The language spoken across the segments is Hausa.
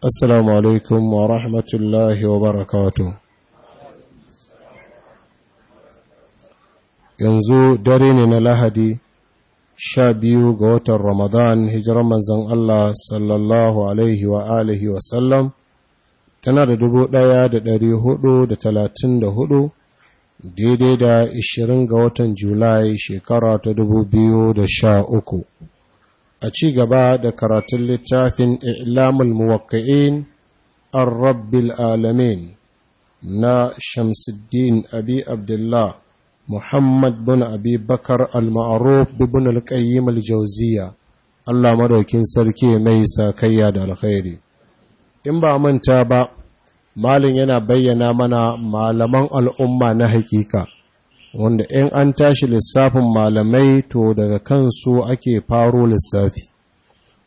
Assalamu alaikum wa rahmatullahi wa barakatu. Yanzu dare ne na Lahadi, sha biyu ga watan Ramadan, hijiran manzan Allah sallallahu tana da dubu ɗaya da ɗari hudu da talatin da huɗu, daidai da ishirin ga watan Julai shekara ta dubu biyu da sha uku. a ci gaba da karatun littafin ilamul muwakka'in an rabbil alamin na shamsuddin abi abdullah muhammad bin abi bakar al-ma'aruf bin al-qayyim al-jawziya allah madaukin sarki mai sakayya da alkhairi in ba manta ba malin yana bayyana mana malaman al'umma na hakika wanda in an tashi lissafin malamai to daga kansu ake faro lissafi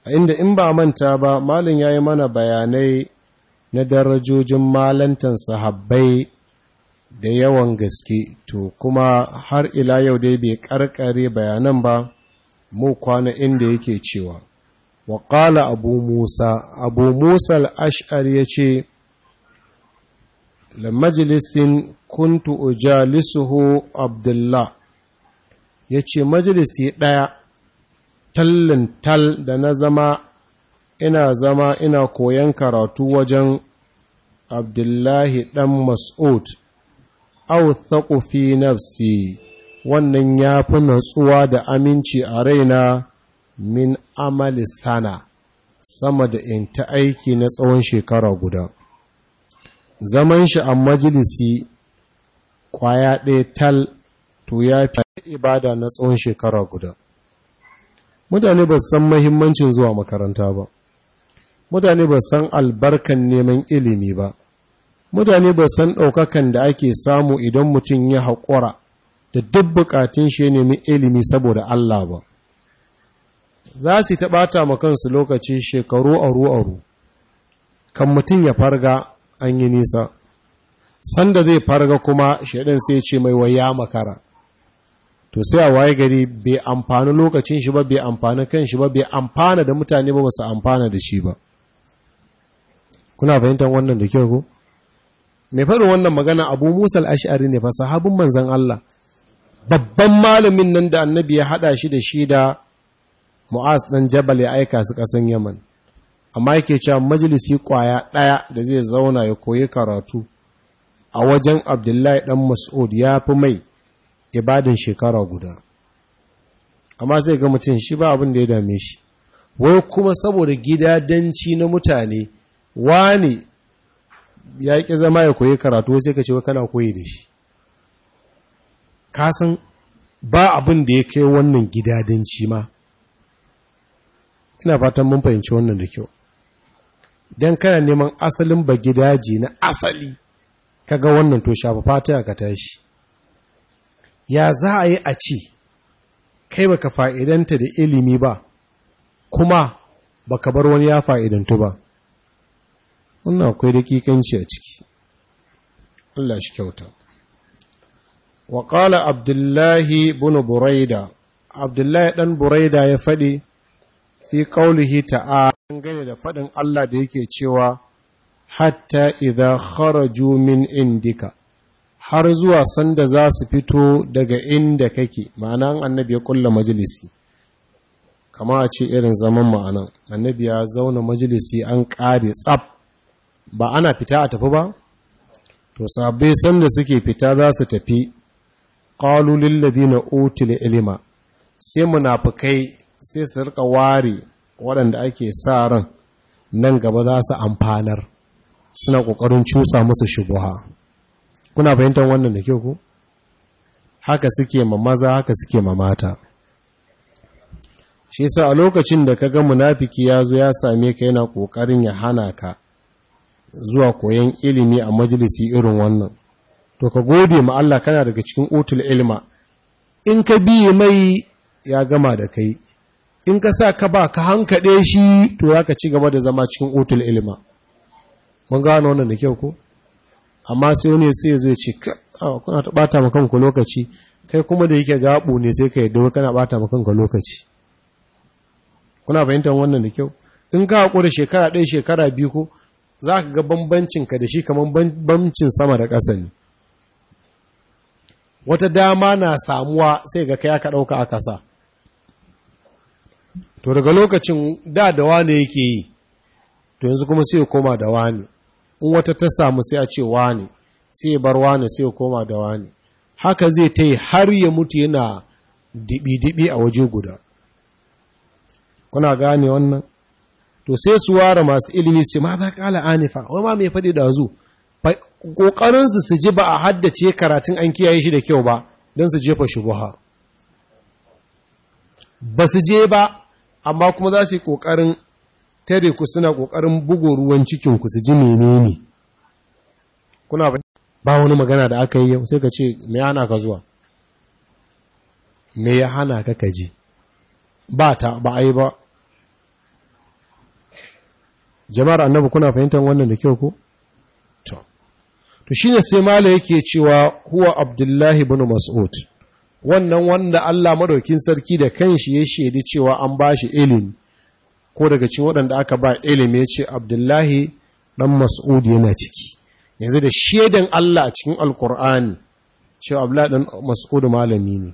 a inda in ba manta ba malin ya yi mana bayanai na darajojin malantan sahabbai da yawan gaske to kuma har ila yau dai bai karkare bayanan ba mu kwana inda yake cewa waƙala abu musa abu musa al'ash'ar ya ce la majalisin kuntu ujalisuhu abdullah ya ce majalisi ɗaya tallin tal da na zama ina zama ina koyon karatu wajen abdullahi ɗan mas'ud au fi nafsi wannan ya fi natsuwa da aminci a raina min amali sana sama da in ta aiki na tsawon shekara guda zaman shi a majalisi kwaya ɗaya tal to ya fi ibada na tsawon shekara guda mutane ba san mahimmancin zuwa makaranta ba mutane ba san albarkan neman ilimi ba mutane ba san ɗaukakan da ake samu idan mutum ya haƙura da duk buƙatun shi nemi ilimi saboda Allah ba za su ta ɓata ma kansu lokaci shekaru aru-aru kan mutum ya farga an yi nisa sanda zai farga kuma shaidan sai ce mai waya makara to sai a waye gari bai amfani lokacin shi ba bai amfani kan shi ba bai amfana da mutane ba basu amfana da shi ba kuna fahimtar wannan da kyau ko mai faru wannan magana Abu musal ashari ne fa sahabin manzon Allah babban malamin nan da annabi ya hada shi da shi da Mu'az dan Jabal ya aika su kasan Yaman amma yake cewa majalisi kwaya ɗaya da zai zauna ya koyi karatu a wajen abdullahi ɗan mas'ud ya fi mai ibadin shekara guda amma sai ga mutum shi ba abin da ya dame shi wai kuma saboda gidadanci na mutane wani ya ƙi zama ya koyi karatu sai ka ce wa kana koyi da shi kasan ba abin da ya kai wannan gidadanci ma ina fatan mun fahimci wannan da kyau don kana neman asalin ba gidaji na asali kaga wannan to shafa fata ka tashi ya za a yi a ci kai baka fa'idanta da ilimi ba kuma baka bar wani ya fa'idantu ba wannan akwai dakikanci a ciki Allah shi kyauta wa ƙala abdullahi ibn buraida abdullahi ɗan buraida ya faɗi fi qaulihi ta'a dangane da faɗin Allah da yake cewa hatta idha kharaju min indika har zuwa sanda za su fito daga inda kake ma'ana annabi ya kulla majalisi kama a ce irin zaman ma'anan annabi ya zauna majalisi an kare tsab ba ana fita a tafi ba to sabbai sanda suke fita za su tafi qalu lil ladina utul ilma sai munafukai sai su rika ware waɗanda ake sa ran nan gaba za su amfanar suna ƙoƙarin cusa musu shubuha kuna fahimtar wannan da ke ku haka suke ma maza haka suke ma mata shi sa a lokacin da ka ga munafiki ya zo ya same ka yana ƙoƙarin ya hana ka zuwa koyon ilimi a majalisi irin wannan to ka gode ma Allah kana daga cikin otul ilma in ka biye mai ya gama da kai in ka sa ka ba ka hankaɗe shi to ya ka ci gaba da zama cikin otul ilma mun gano wannan da kyau ko amma sai wani sai ya zo ya ce kana ta bata maka kanka lokaci kai kuma da yake gabu ne sai kai dawo kana bata maka kanka lokaci kuna fahimtar wannan da kyau in ka haƙura shekara ɗaya shekara biyu ko za ka ga ka da shi kamar bambancin sama da ƙasa ne wata dama na samuwa sai ga kai aka ɗauka aka sa to daga lokacin da da wane yake yi to yanzu kuma sai ya koma da wane in wata ta samu sai a ce wani sai bar wani sai koma da wani haka zai ta yi har ya mutu yana dibi-dibi a waje guda kuna gane wannan to sai su ware masu ilimi su ma za kala anifa wai ma mai faɗi da zu ƙoƙarinsu su ji ba a haddace karatun an kiyaye shi da kyau ba don su jefa shubuha ba su je ba amma kuma za su yi ƙoƙarin tare ku suna ƙoƙarin bugo ruwan cikinku su ji menene kuna ba wani magana da aka yi yau sai ka ce me hana ka zuwa me ya hana ka ji ba ta ba a yi ba jama'ar annabi kuna fahimtar wannan da kyau ko to to shine sai mala yake cewa huwa abdullahi ibn mas'ud wannan wanda Allah madaukin sarki da kanshi ya shaidi cewa an bashi ilimi ko daga ci waɗanda aka ba ilimi ya ce abdullahi ɗan mas'ud yana ciki yanzu da shaidan Allah a cikin alkur'ani ce abdullahi ɗan mas'ud malami ne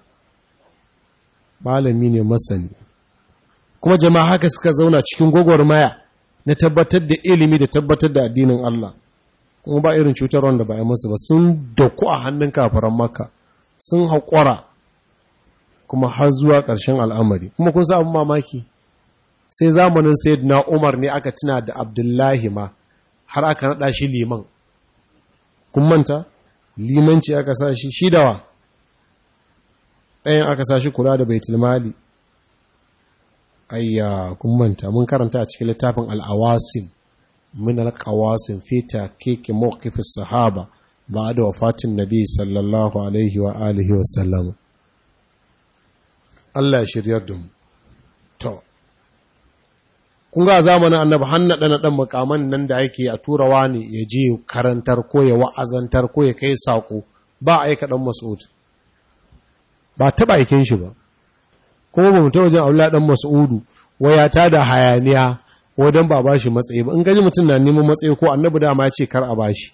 malami ne masani kuma jama'a haka suka zauna cikin gwagwarmaya na tabbatar da ilimi da tabbatar da addinin Allah kuma ba irin cutar wanda ba a masu ba sun dauku a hannun kafaran maka sun haƙura kuma har zuwa ƙarshen al'amari kuma kun sa abin mamaki sai zamanin sayyidina umar ne aka tuna da abdullahi ma har aka naɗa shi liman kun manta limanci aka sa shi shidawa ɗayan aka sa shi kula da baitul mali ayya kun manta mun karanta a cikin littafin al'awasin min alƙawasin fita keke mawqif sahaba ba da wafatin nabi sallallahu alaihi wa alihi wa Allah ya shirya da mu kun ga zamanin annabi hannada na dan makaman nan da yake a turawa ne ya je karantar ko ya wa'azantar ko ya kai sako ba a aika dan mas'ud ba taba aikin shi ba kuma ba mutum wajen aula dan mas'udu wayata da hayaniya wadan ba ba shi matsayi ba in gaji mutum na neman matsayi ko annabi ma ya ce kar a bashi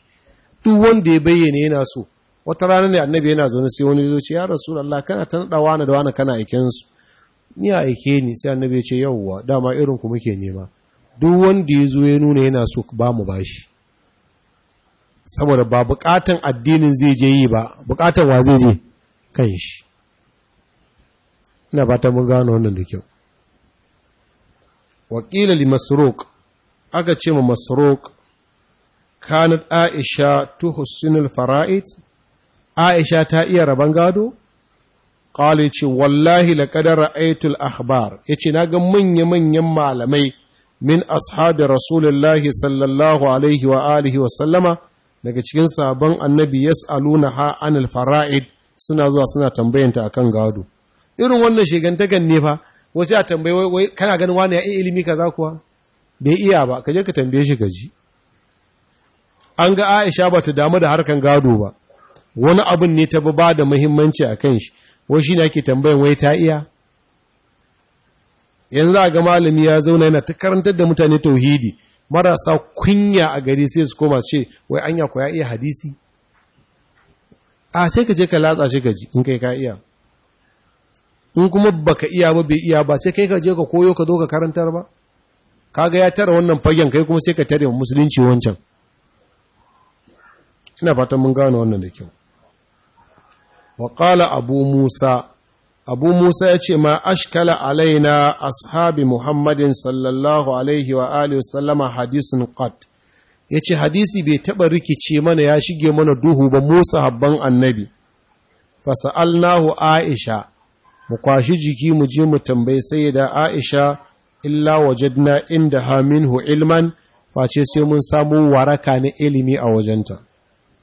duk wanda ya bayyana yana so wata rana ne annabi yana zaune sai wani zo ce ya rasulullah kana ta nada wani da wani kana aikin su ni a aike ni sai annabi ya ce yawwa dama irin ku muke nema duk wanda ya zo ya nuna yana so ba mu bashi saboda ba bukatan addinin zai je yi ba bukatan wa zai je kan ina fata mun gano wannan da kyau wakila li masruq aka ce ma masruq kanat aisha tuhsinul fara'id aisha ta iya raban gado Kale ce, Wallahi la ƙadar ra’aitul ahbar, ya ce, Na ga manya-manyan malamai min ashabi Rasulullahi sallallahu Alaihi wa alihi wa sallama daga cikin sabon annabi yas'aluna ha anil fara'id suna zuwa suna tambayanta akan gado. Irin wannan shigantakan ne fa, wasu ya tambayi wai kana ganin wani ya iya ilimi ka za kuwa? Bai iya ba, ka je ka tambaye shi gaji. An ga Aisha ba ta damu da harkan gado ba, wani abin ne ta ba da muhimmanci a kan shi, wai shi ne ake tambayan wai ta iya yanzu a ga malami ya zauna yana ta karantar da mutane tauhidi marasa kunya a gari sai su koma ce wai anya ku ya iya hadisi a sai ka je ka latsa shi gaji in kai ka iya in kuma baka iya ba bai iya ba sai kai ka je ka koyo ka zo ka karantar ba kaga ya tara wannan fagen kai kuma sai ka tare musulunci wancan ina fatan mun gane wannan da kyau Waƙala ƙala abu musa abu musa ya ce ma ashkala alaina ashabi muhammadin sallallahu alaihi wa alihi sallama hadisun ya ce hadisi bai taɓa rikice mana ya shige mana duhu ba musa habban annabi fasa'alnahu aisha mu kwashi jiki mu je mu tambayi sai da aisha illa wajadna inda haminhu ilman face sai mun samo waraka na ilimi a wajenta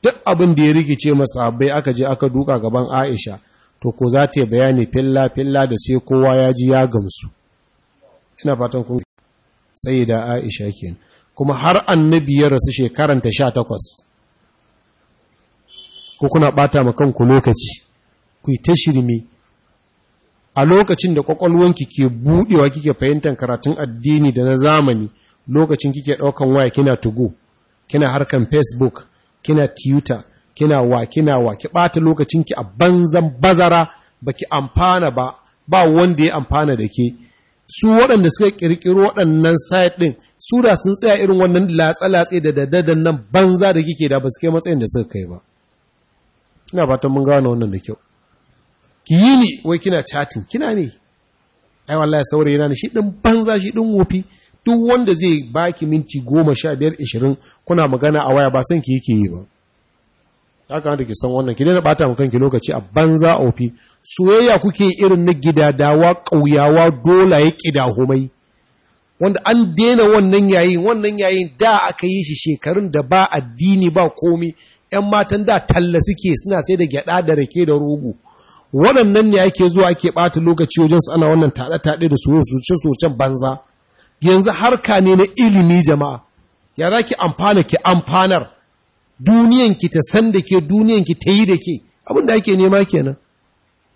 duk abin da ya rikice masahabbai aka je aka duka gaban Aisha to ko za ta bayani filla filla da sai kowa ya ji ya gamsu ina fatan kun sai Aisha kin kuma har annabi ya rasu ta 18 ko kuna bata ma kanku lokaci ku yi ta a lokacin da kwakwalwanki ke budewa kike fahimtar karatun addini da na zamani lokacin kike daukan waya kina tugo kina harkan facebook kina tiyuta kina wa kina wa ki ɓata lokacinki a banzan bazara baki amfana ba ba wanda ya amfana da ke su waɗanda suka ƙirƙiro waɗannan site ɗin su da sun tsaya irin wannan latsa-latsa da daddadan nan banza da kike da ba su kai matsayin da suka kai ba ina fatan mun gano wannan da kyau ki yi ni wai kina chatting kina ne ai wallahi saurayi na shi ɗin banza shi ɗin wofi duk wanda zai baki minti goma sha biyar ishirin kuna magana a waya ba san ki yake yi ba ya da ki san wannan ki daina bata mu kanki lokaci a banza ofi soyayya kuke irin na gidadawa ƙauyawa dola ya ƙidahumai wanda an daina wannan yayin wannan yayin da aka yi shi shekarun da ba addini ba komi ‘yan matan da talla suke suna sai da gyaɗa da rake da rogo waɗannan ne ake zuwa ake ɓata lokaci wajen ana wannan taɗe-taɗe da soce-socen banza yanzu harka ne na ilimi jama'a ya za ki amfana ki amfanar duniyanki ta san da ke duniyanki ta yi da ke abin da ake nema kenan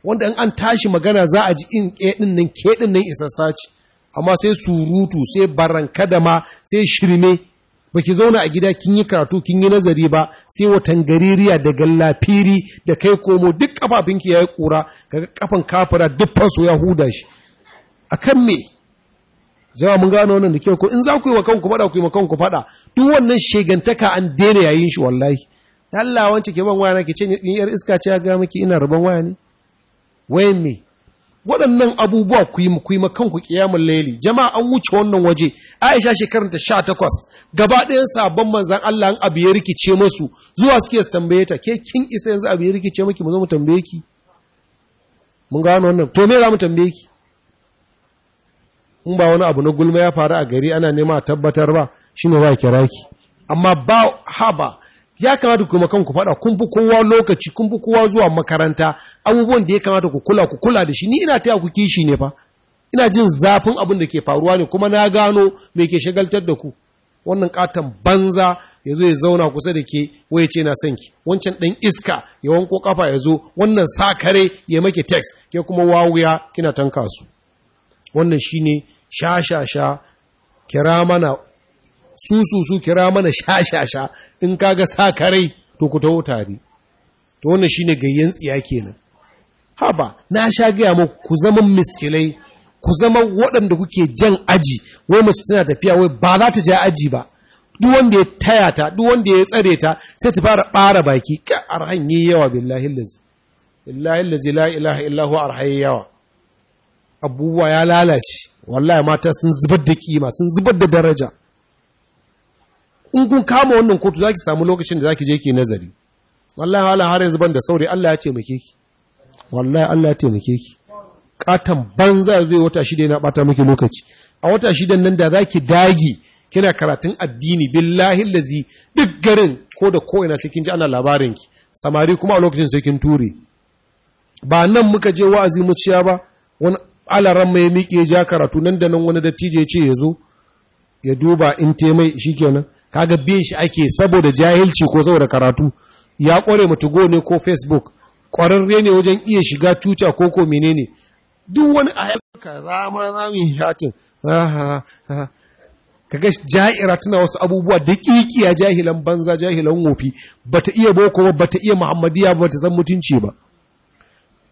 wanda in an tashi magana za a ji in ɗin eh, nan ke ɗin nan isa amma sai surutu sai baranka da ma sai shirme ba ki zauna a gida kin yi karatu kin yi nazari ba sai watan gaririya da gallafiri da kai komo duk kafafinki ya yi kura kaga kafan kafira duk fasu ya huda shi A kan me jama'a mun gano wannan da kyau ko in za ku yi wa kanku faɗa ku yi wa kanku faɗa duk wannan shegantaka an daina yayin shi wallahi Allah wance ke ban waya ke ce ni yar iska ce ya ga miki ina rabon waya ne waye me waɗannan abubuwa ku yi ku yi kanku kiyamul layli jama'a an wuce wannan waje Aisha shekarun ta 18 gaba ɗayan sabon manzon Allah an abiye ya rikice musu zuwa suke su tambaye ta ke kin isa yanzu abu ya rikice miki mu zo mu tambaye ki mun gano wannan to me za mu tambaye ki in ba wani abu na gulma ya faru a gari ana nema tabbatar ba shine ba kira ki amma ba haba ya kamata ku kanku faɗa kun fi kowa lokaci kun fi kowa zuwa makaranta abubuwan da ya kamata ku kula ku kula da shi ni ina taya ku kishi ne fa ina jin zafin abin da ke faruwa ne kuma na gano me ke shagaltar da ku wannan katon banza ya zo ya zauna kusa da ke waye ce na son ki wancan ɗan iska ya wanko kafa ya zo wannan kare ya make text ke kuma wawuya kina tanka su wannan shine sha kira mana su su su kira mana sha sha sha in kaga sa karai to ku taho tare to wannan shine gayyan tsiya kenan haba na sha gaya muku ku zama miskilai ku zama waɗanda kuke jan aji wai mace tana tafiya wai ba za ta ja aji ba duk wanda ya taya ta duk wanda ya tsare ta sai ta fara bara baki ka arhan yawa billahi lazi billahi la ilaha illahu arhan yawa abubuwa ya lalace wallahi mata sun zubar da kima sun zubar da daraja in kun kama wannan kotu zaki samu lokacin da zaki je ki nazari wallahi hala har yanzu ban da saurayi Allah ya taimake ki wallahi Allah ya taimake ki katan banza zai wata shida yana bata miki lokaci a wata shidan nan da zaki dagi kina karatun addini billahi lazi duk garin ko da ko ina sai kin ji ana labarin ki samari kuma a lokacin sai kin ture ba nan muka je wa'azi muciya ba wani alaran mai miƙe ja karatu nan da nan wani dattijo ya ce ya zo ya duba in taimai mai shikenan kaga biyan shi ake saboda jahilci ko saboda karatu ya ƙware mutu go ne ko facebook Ƙwararre ne wajen iya shiga tuta ko ko menene duk wani ka za ma za mu yi hatin kaga ja'ira tana wasu abubuwa da kikiya jahilan banza jahilan wofi bata iya boko ba bata iya muhammadiya ba bata san mutunci ba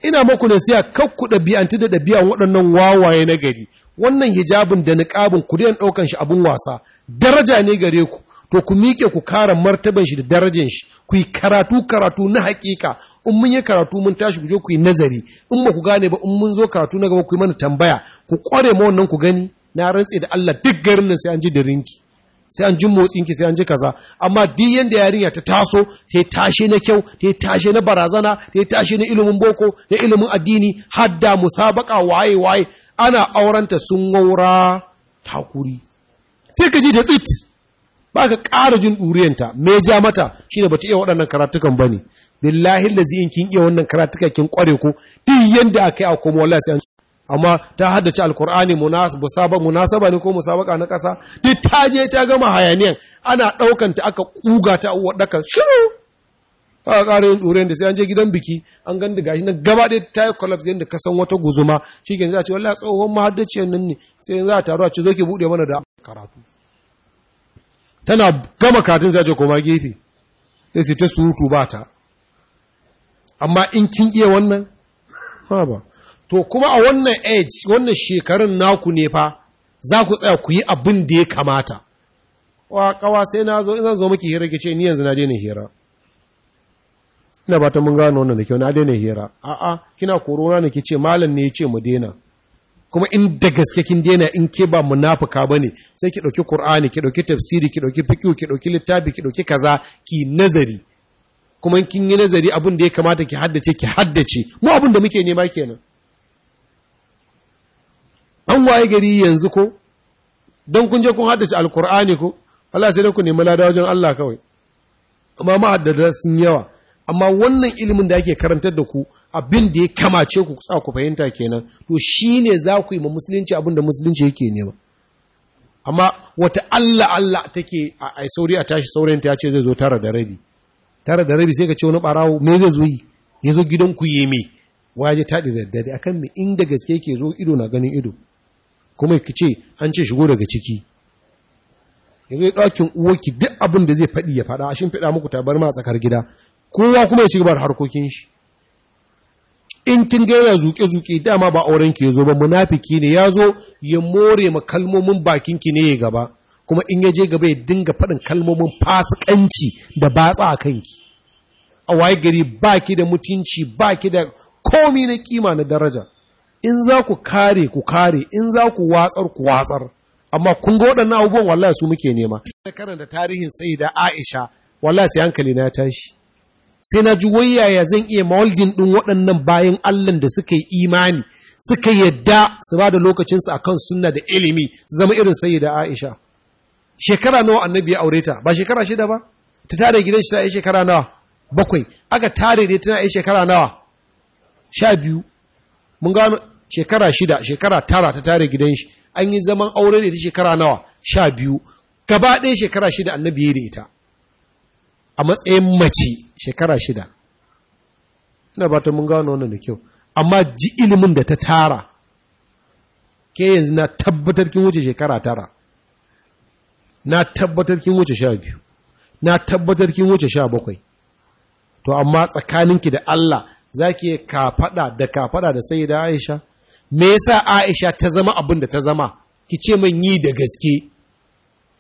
ina maku nasiya kar ku ɗabi'antu da ɗabi'an waɗannan wawaye na gari wannan hijabin da niƙabin ku daina ɗaukan shi abin wasa daraja ne gare ku to ku miƙe ku kara martaban shi da darajin shi ku yi karatu karatu na haƙiƙa in mun yi karatu mun tashi ku je ku yi nazari in ba ku gane ba in mun zo karatu na gaba ku yi mana tambaya ku ƙware ma wannan ku gani na rantse da Allah duk garin nan sai an ji da rinki sai an jin motsin sai an ji kaza amma duk yanda yarinya ta taso ta tashe na kyau ta tashe na barazana ta tashe na ilimin boko na ilimin addini hadda musabaka waye waye ana auranta sun gaura takuri sai ka ji da tsit ba ka ƙara jin ɗuriyanta me ja mata shi ne bata iya waɗannan karatukan ba ne billahi lazi in kin iya wannan karatuka kin ƙware ko duk yanda aka yi a komo wallahi sai an amma ta haddace alkur'ani musaba munasaba ne ko musabaka na ƙasa duk ta je ta gama hayaniyan ana ɗaukanta aka kuga ta waɗaka shiru ba ƙara yin ɗuren da sai an je gidan biki an gan da gashi na gaba ɗaya ta yi collapse yadda ka san wata guzuma shi ke za a ce wallahi tsohon mahaddaciyar nan ne sai za a taru a ce zo ki buɗe mana da karatu tana gama katin sai a ce koma gefe sai ta surutu ba ta amma in kin iya wannan ha ba to kuma a wannan age wannan shekarun naku ne fa za ku tsaya ku yi abin da ya kamata wa kawa sai na zo zan zo miki hira ki ce ni yanzu na daina hira ina ba ta mun gano wannan da kyau na daina hira a'a kina korona ne ki ce malam ne ya ce mu daina kuma in da gaske kin daina in ke ba munafuka bane sai ki dauki qur'ani ki dauki tafsiri ki dauki fiqh ki dauki littafi ki dauki kaza ki nazari kuma in kin yi nazari abin da ya kamata ki haddace ki haddace mu abin da muke nema kenan an waye gari yanzu ko don kun je kun haddace alkur'ani ko Allah sai dai ku nemi lada wajen Allah kawai amma ma'addada sun yawa amma wannan ilimin da ake karantar da ku abin da ya kamace ku sa ku fahimta kenan to shine za ku yi ma musulunci abin da musulunci yake nema amma wata Allah Allah take a sauri a tashi saurayin ta ce zai zo tara da rabi tara da rabi sai ka ce wani barawo me zai zo yi ya zo gidan ku yeme waje taɗi da daddare akan me da gaske ke zo ido na ganin ido kuma ka ce an ce shigo daga ciki yanzu ya ɗakin uwarki duk abin da zai faɗi ya faɗa a shin faɗa muku tabar ma a tsakar gida kowa kuma ya ci gaba da harkokin shi in kin ga yana zuke-zuke dama ba auren ki zo ba munafiki ne ya zo ya more ma kalmomin bakin ki ne ya gaba kuma in ya je gaba ya dinga faɗin kalmomin fasikanci da batsa a kanki a waye gari baki da mutunci baki da komi na kima na daraja in za ku kare ku kare in za ku watsar ku watsar amma kun ga waɗannan abubuwan wallahi su muke nema sai karanta tarihin sai da Aisha wallahi sai hankali na tashi sai na ji wayaya zan iya mawaldin ɗin waɗannan bayan Allah da suka yi imani suka yadda su ba da lokacin a kan sunna da ilimi su zama irin sai da Aisha. Shekara nawa annabi ya aure ta, ba shekara shida ba? Ta tare gidan shi ta yi shekara nawa? Bakwai. Aka tare dai tana yi shekara nawa? Sha biyu. Mun gano shekara shida shekara tara ta tare gidan shi an yi zaman aure da ita shekara nawa sha biyu gaba ɗaya shekara shida annabi ya da ita a matsayin mace shekara shida ina ba ta mun gano wannan da kyau amma ji ilimin da ta tara ke yanzu na tabbatar kin wuce shekara tara na tabbatar kin wuce sha biyu na tabbatar kin wuce sha bakwai to amma tsakaninki da Allah za ki kafaɗa da kafaɗa da sayyida da Aisha me yasa Aisha ta zama abin da ta zama ki ce min yi da gaske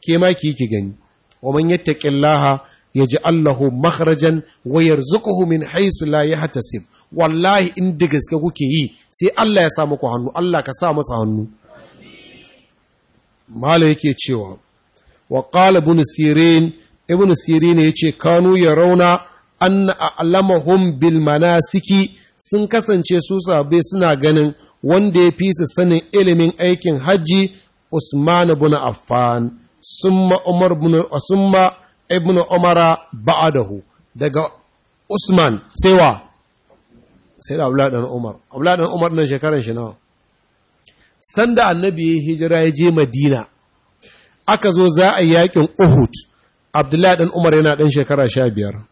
ke ma ki ki gani wa man yattaqillaha yaj'al lahu makhrajan wa yarzuquhu min haythu la yahtasib wallahi in da gaske kuke yi sai Allah ya sa muku hannu Allah ka sa masa hannu mala yake cewa wa qala ibn sirin ibn sirin yace kanu yarawna anna a'lamahum bil manasiki sun kasance su sabe suna ganin wanda ya fi su sanin ilimin aikin hajji Usman bin Affan summa Umar bin Usma ibn Umara ba'adahu daga Usman sai wa sai da Abdullah dan Umar Abdullah dan Umar nan shekaran shi nawa sanda annabi ya hijira ya je Madina aka zo za a yakin Uhud Abdullah dan Umar yana dan shekara 15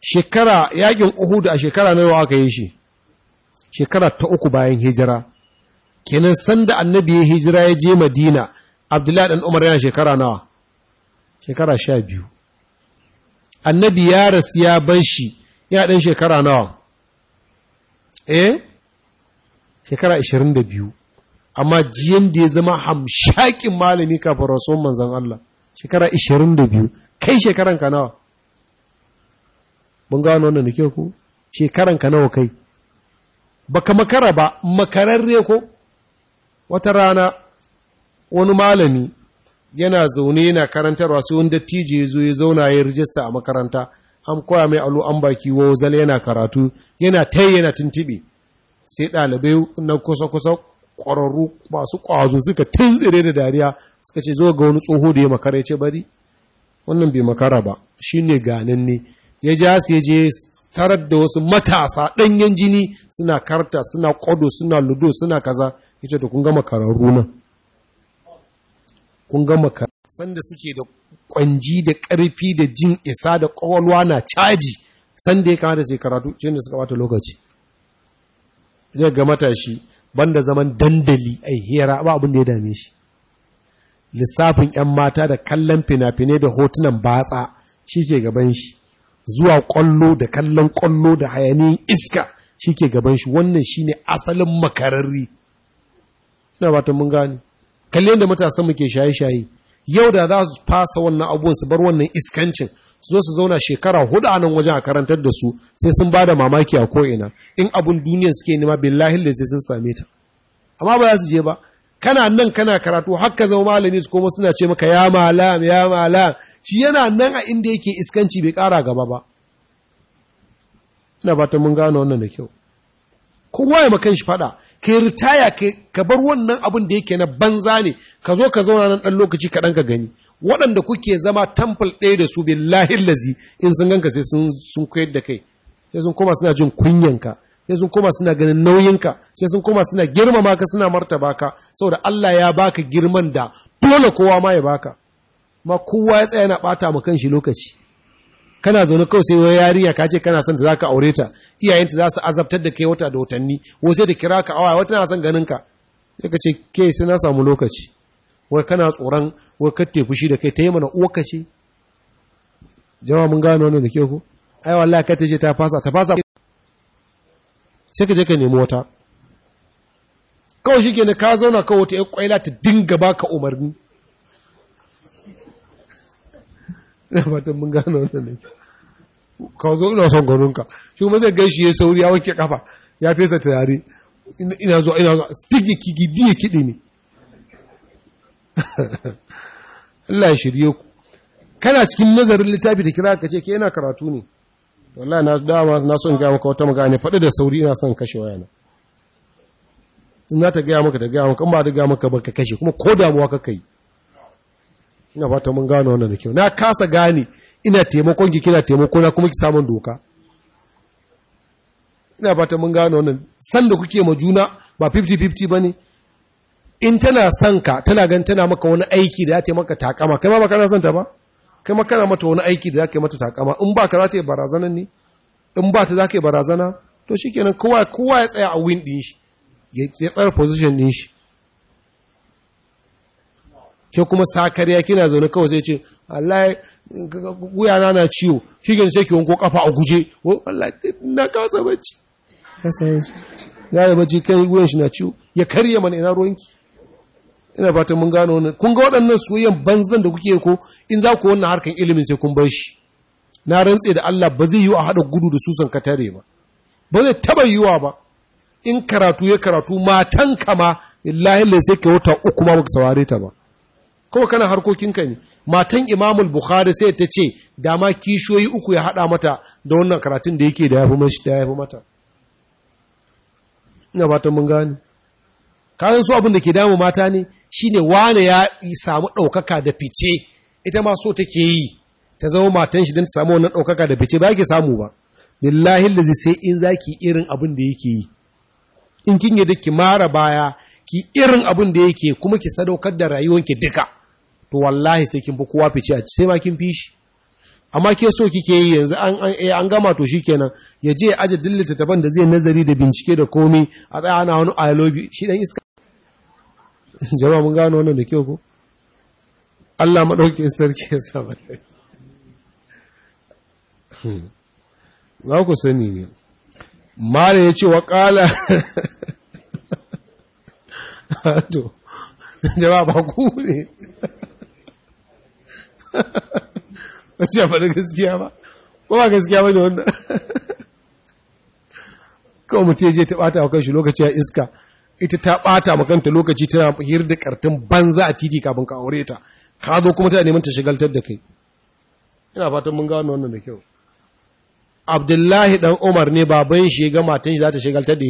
shekara yakin Uhud a shekara nawa aka yi shi shekara ta uku bayan hijira kenan sanda annabi ya hijira ya je madina abdullahi dan umar yana shekara nawa shekara sha biyu annabi ya rasu ya bar shi yana ɗan shekara nawa eh shekara ashirin da biyu amma jiyan da ya zama hamshakin malami kafin rasuwan manzan Allah shekara ashirin da biyu kai shekaran ka nawa mun gano wannan da ke ku shekaran ka nawa kai baka makara ba makararre ko wata rana wani malami yana zaune yana karantarwa sai wani dattijo ya zo ya zauna ya rijista a makaranta an koya mai alu an baki wa zal yana karatu yana ta yana tuntuɓe sai ɗalibai na kusa-kusa ƙwararru masu ƙwazo suka tunzire da dariya suka ce zo ga wani tsoho da ya makara ya ce bari wannan bai makara ba shi ne ganin ne ya ja su ya je tarar da wasu matasa ɗanyen jini suna karta suna ƙwado suna ludo suna kaza ya ce da kun gama kararru nan kun gama kararru sanda suke da ƙwanji da ƙarfi da jin isa da ƙwaƙwalwa na caji sanda ya kamata sai karatu shi ne suka bata lokaci zai ga matashi banda zaman dandali ai hera ba abin da ya dame shi lissafin 'yan mata da kallon fina-finai da hotunan batsa shi ke gaban shi zuwa kwallo da kallon kwallo da hayaniyin iska shi ke gaban shi wannan shi ne asalin makararri na ba ta mun gani kalli yadda matasan muke shaye-shaye yau da za su fasa wannan abubuwan su bar wannan iskancin su zo su zauna shekara hudu a nan wajen a karantar da su sai sun ba da mamaki a ko'ina in abin duniyan suke nema billahi da sai sun same ta amma ba za su je ba kana nan kana karatu haka zama malami su koma suna ce maka ya malam ya malam shi yana nan a inda yake iskanci bai kara gaba ba ina fatan mun gano wannan da kyau kowa ya makan shi faɗa ka yi ritaya ka bar wannan abin da yake na banza ne ka zo ka zauna nan ɗan lokaci kaɗan ka gani waɗanda kuke zama tamfal ɗaya da su billahi lazi in sun ganka sai sun koyar da kai sai sun koma suna jin kunyanka sai sun koma suna ganin nauyinka sai sun koma suna girmama ka suna martaba ka saboda Allah ya baka girman da dole kowa ma ya baka ma kowa ya tsaya na bata ma kanshi lokaci kana zaune kawai sai wani yarinya ka ce kana son da zaka aure ta iyayenta za su azabtar da kai wata da watanni ko sai da kira ka awa wata na son ganin ka sai ka ce ke sai na samu lokaci wai kana tsoron wai ka teku shi da kai ta yi mana ka ce jama'a mun gano wannan da ke ku ai wallahi ka ce ta fasa ta fasa sai ka je ka nemi wata kawai shi ke ka zauna kawai wata ya kwaila ta dinga baka umarni ina fatan mun gano wannan ne ka zo ina son gwaninka shi kuma zai gaishe ya sauri ya wanke kafa ya fesa turare ina zo ina zo stige kiki diya kidi ne Allah ya shirye ku kana cikin nazarin littafi da kira ka ce ke yana karatu ne wallahi na dama na son ga maka wata magana faɗi da sauri ina son kashe wayana in za ta gaya maka da gaya maka in ba ta gaya maka ba ka kashe kuma ko damuwa ka kai ina fata mun gano wannan da kyau na kasa gane ina taimakon ki kina taimako na kuma ki samun doka ina fata mun gano wannan san da kuke ma juna ba 50-50 bane in tana son ka tana gan tana maka wani aiki da ya maka takama kai ma ba kana son ta ba kai ma kana mata wani aiki da za ka yi mata takama in ba ka za ta yi barazana ne in ba ta za ka yi barazana to shikenan kowa kowa ya tsaya a win din shi ya tsara position din shi ke kuma sakariya kina zaune kawai sai ce wallahi wuyana na ciwo gani sai ki wanko kafa a guje wallahi na kasa bacci kasa yanzu ya yi bacci kai wuyan shi na ciwo ya karye mana ina ruwanki ina fatan mun gano wannan kun ga waɗannan soyayyen banzan da kuke ko in za ku wannan harkan ilimin sai kun bar shi na rantse da Allah ba zai yi a haɗa gudu da susan katare ba ba zai taba yiwa ba in karatu ya karatu matan kama illahi lai sai ka wata uku ma baka saware ta ba kawai kana harkokinka ne matan imamul bukhari sai ta ce dama kishiyoyi uku ya hada mata da wannan karatun da yake da ya fi mata ina fatan mun gane kayan su abin da ke damu mata ne shine wane ya samu ɗaukaka da fice ita ma so take yi ta zama matan shi don ta samu wannan ɗaukaka da fice ba ke samu ba billahi lazi sai in zaki irin abin da yake yi in kin yi duk ki mara baya ki irin abin da yake kuma ki sadaukar da rayuwanki duka to wallahi sai kin fi kowa fice a sai ma kin fi shi amma ke so kike yi yanzu an eh, gama to shi kenan ya je aji dillita taban da zai nazari da bincike da komai a tsaya ana wani ayalobi shi dan iska jama'a mun gano wannan da kyau ko Allah madauke sarki ya sa hmm. za ku sani ne mala ya ce wa ƙala to jama'a ba ku ne wace a da gaskiya ba ko ba gaskiya ba da wannan kawai mutum je ta ɓata wa kanshi lokaci a iska ita ta ɓata kanta lokaci tana hir da ƙartin banza a titi kafin ka aure ta ka zo kuma ta neman ta shigaltar da kai ina fatan mun gano wannan da kyau abdullahi dan umar ne baban shi ga matan shi za ta shigaltar da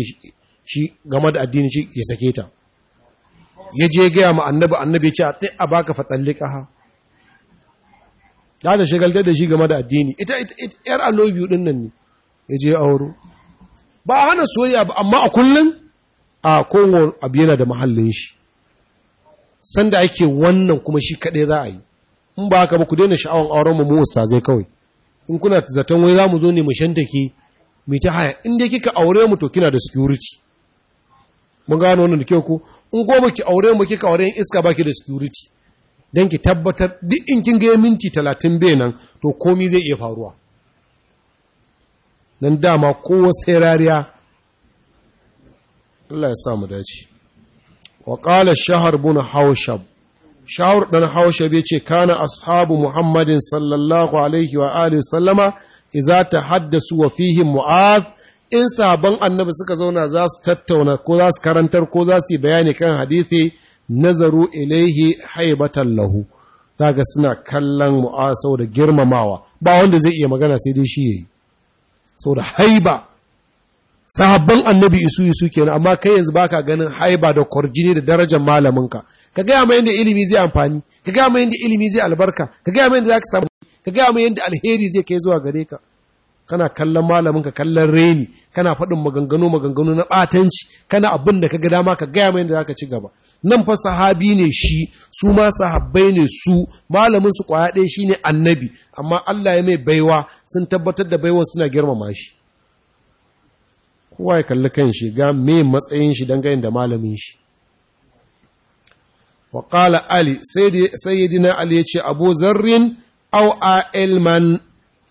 shi game da addini shi ya sake ta ya je gaya ma annabi annabi ya ce a tsaye a baka fatallika ha za ta shagaltar da shi game da addini ita yar allo biyu din nan ne ya je auro ba a hana soyayya ba amma a kullum a kowane abu yana da mahallin shi sanda ake wannan kuma shi kaɗai za a yi in ba haka ba ku daina sha'awan auren mu mu zai kawai in kuna zaton wai za mu zo ne mu shantake mu ta haya in dai kika aure mu to kina da security mun gano wannan da kyau ko in goma ki aure mu kika aure iska baki da security don ki tabbatar duk in kin ga minti talatin benan to komi zai iya faruwa nan dama kowa sai rariya Allah ya sa mu dace wa qala shahar bin haushab shahar dan haushab ce kana ashabu muhammadin sallallahu alaihi wa alihi sallama idza tahaddasu wa fihi in sabon annabi suka zauna za su tattauna ko za su karantar ko za su yi bayani kan hadisi nazaru ilaihi haibatan lahu daga suna kallon mu'asau da girmamawa ba wanda zai iya magana sai dai shi yayi saboda haiba sahabban annabi isu isu kenan amma kai yanzu baka ganin haiba da kwarjini da darajar malaminka ka gaya mai yadda ilimi zai amfani ka gaya mai yadda ilimi zai albarka ka gaya mai yadda zaka samu ka gaya mai yadda alheri zai kai zuwa gare ka kana kallon malaminka kallon reni kana faɗin maganganu maganganu na ɓatanci kana abin da ka ga dama ka gaya mai yadda zaka ci gaba nan fa sahabi ne shi su ma sahabbai ne su malamin su kwaya ɗaya ne annabi amma Allah ya mai baiwa sun tabbatar da baiwa suna girmama shi kowa ya kalli kan shi ga me matsayin shi dangane da malamin shi wa qala ali sayyidina ali yace abu zarrin aw a ilman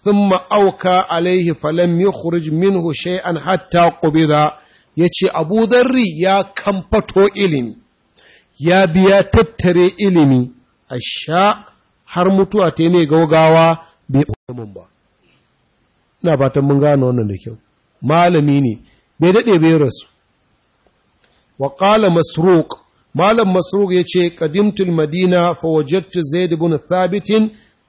thumma auka alaihi falam yukhrij minhu shay'an hatta qubida yace abu zarri ya kamfato ilimi ya biya tattare ilimi a sha har mutuwa ta mai gaugawa bai ilimin ba ina fatan mun gano wannan da kyau malami ne bai daɗe bai rasu wa qala masruq malam masruq yace qadimtu al-madina fa wajadtu zaid ibn thabit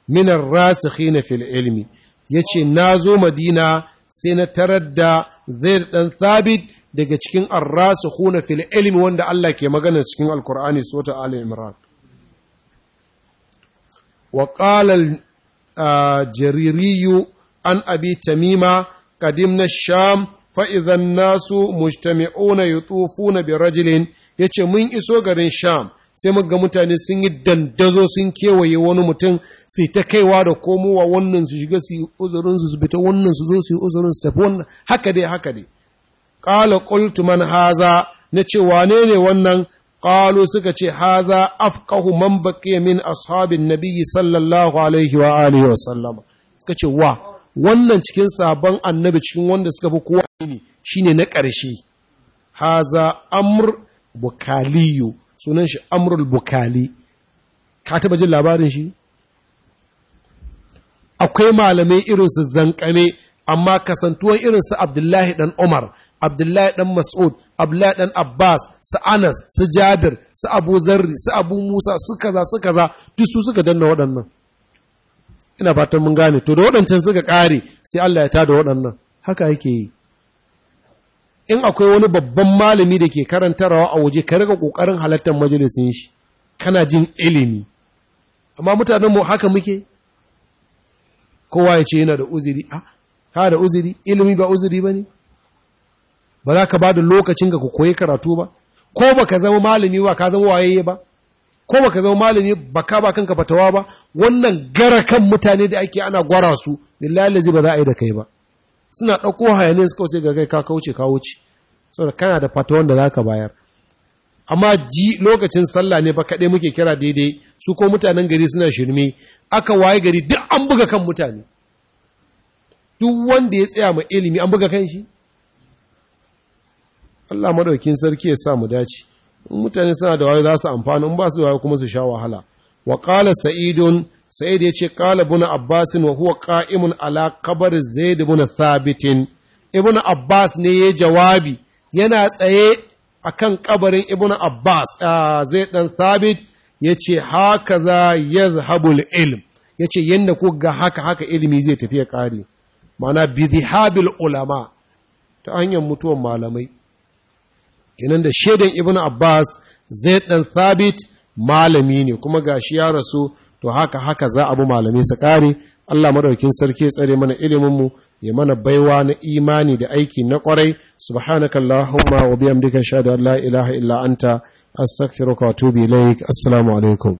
min ar-rasikhina fil ilmi yace zo madina sai na tarar da zaid ɗan thabit daga cikin arrasu, huna fil ilmi wanda Allah ke magana cikin alkur'ani sota ali imran wa qala jaririyu an abi tamima qadimna sham fa idha nasu mujtami'una yutufuna bi rajulin yace mun iso garin sham sai muga mutane sun yi dandazo sun kewaye wani mutum su ta kaiwa da komowa wannan su shiga su yi uzurin su wannan su zo su yi uzurin su tafi wannan haka dai haka dai ƙala ƙultu man haza na ce wane ne wannan ƙalu suka ce haza afkahu man min ashabin nabiyyi sallallahu alaihi wa alihi wa sallama suka ce wa wannan cikin sabon annabi cikin wanda suka fi kowa ne shine na ƙarshe haza amr bukaliyu sunan shi amrul bukali ka taba jin labarin shi akwai malamai irinsu zankame amma kasantuwan irinsu abdullahi dan umar abdullahi dan mas'ud abdullahi dan abbas su anas su jabir su abu zarri su abu musa su kaza su kaza duk su suka danna waɗannan ina fatan mun gane to da waɗancan suka ƙare sai Allah ya tada waɗannan haka yake yi in akwai wani babban malami da ke karantarwa a waje ka ga ƙoƙarin halartar majalisin shi kana jin ilimi amma mutanen mu haka muke kowa ya ce yana da uzuri a ah, ka da uzuri ilimi ba uzuri ne. ba za ka ba da lokacin ka ku koyi karatu ba ko ba ka zama malami ba ka zama wayayye ba ko ba ka zama malami ba ka ba kanka fatawa ba wannan gara kan mutane da ake ana gwara su lillahi lazi ba za a yi da kai ba suna ɗauko hayanin suka wuce ga kai ka kauce ka wuce saboda kana da fatawan da za ka bayar amma ji lokacin sallah ne ba kaɗai muke kira daidai su ko mutanen gari suna shirme aka waye gari duk an buga kan mutane duk wanda ya tsaya ma ilimi an buga kan shi Allah madaukin sarki ya sa mu dace in mutane suna da wayo za su amfana in ba su wayo kuma su sha wahala wa qala sa'idun sa'id ya ce qala ibn abbas wa huwa qa'imun ala qabr zaid ibn thabit ibn abbas ne ya jawabi yana tsaye akan kabarin ibn abbas zaid dan thabit yace hakaza yazhabul ilm yace yanda ko ga haka haka ilimi zai tafi ya kare ma'ana bi ulama ta hanyar mutuwar malamai inan da shaidan ibn abbas zai dan thabit malami ne kuma gashi ya rasu to haka haka za abu malami su kare Allah madaukin sarki ya tsare mana ilimin mu ya mana baiwa na imani da aiki na kwarai subhanakallahumma wa bihamdika shada la ilaha illa anta astaghfiruka wa atubu ilaik assalamu alaikum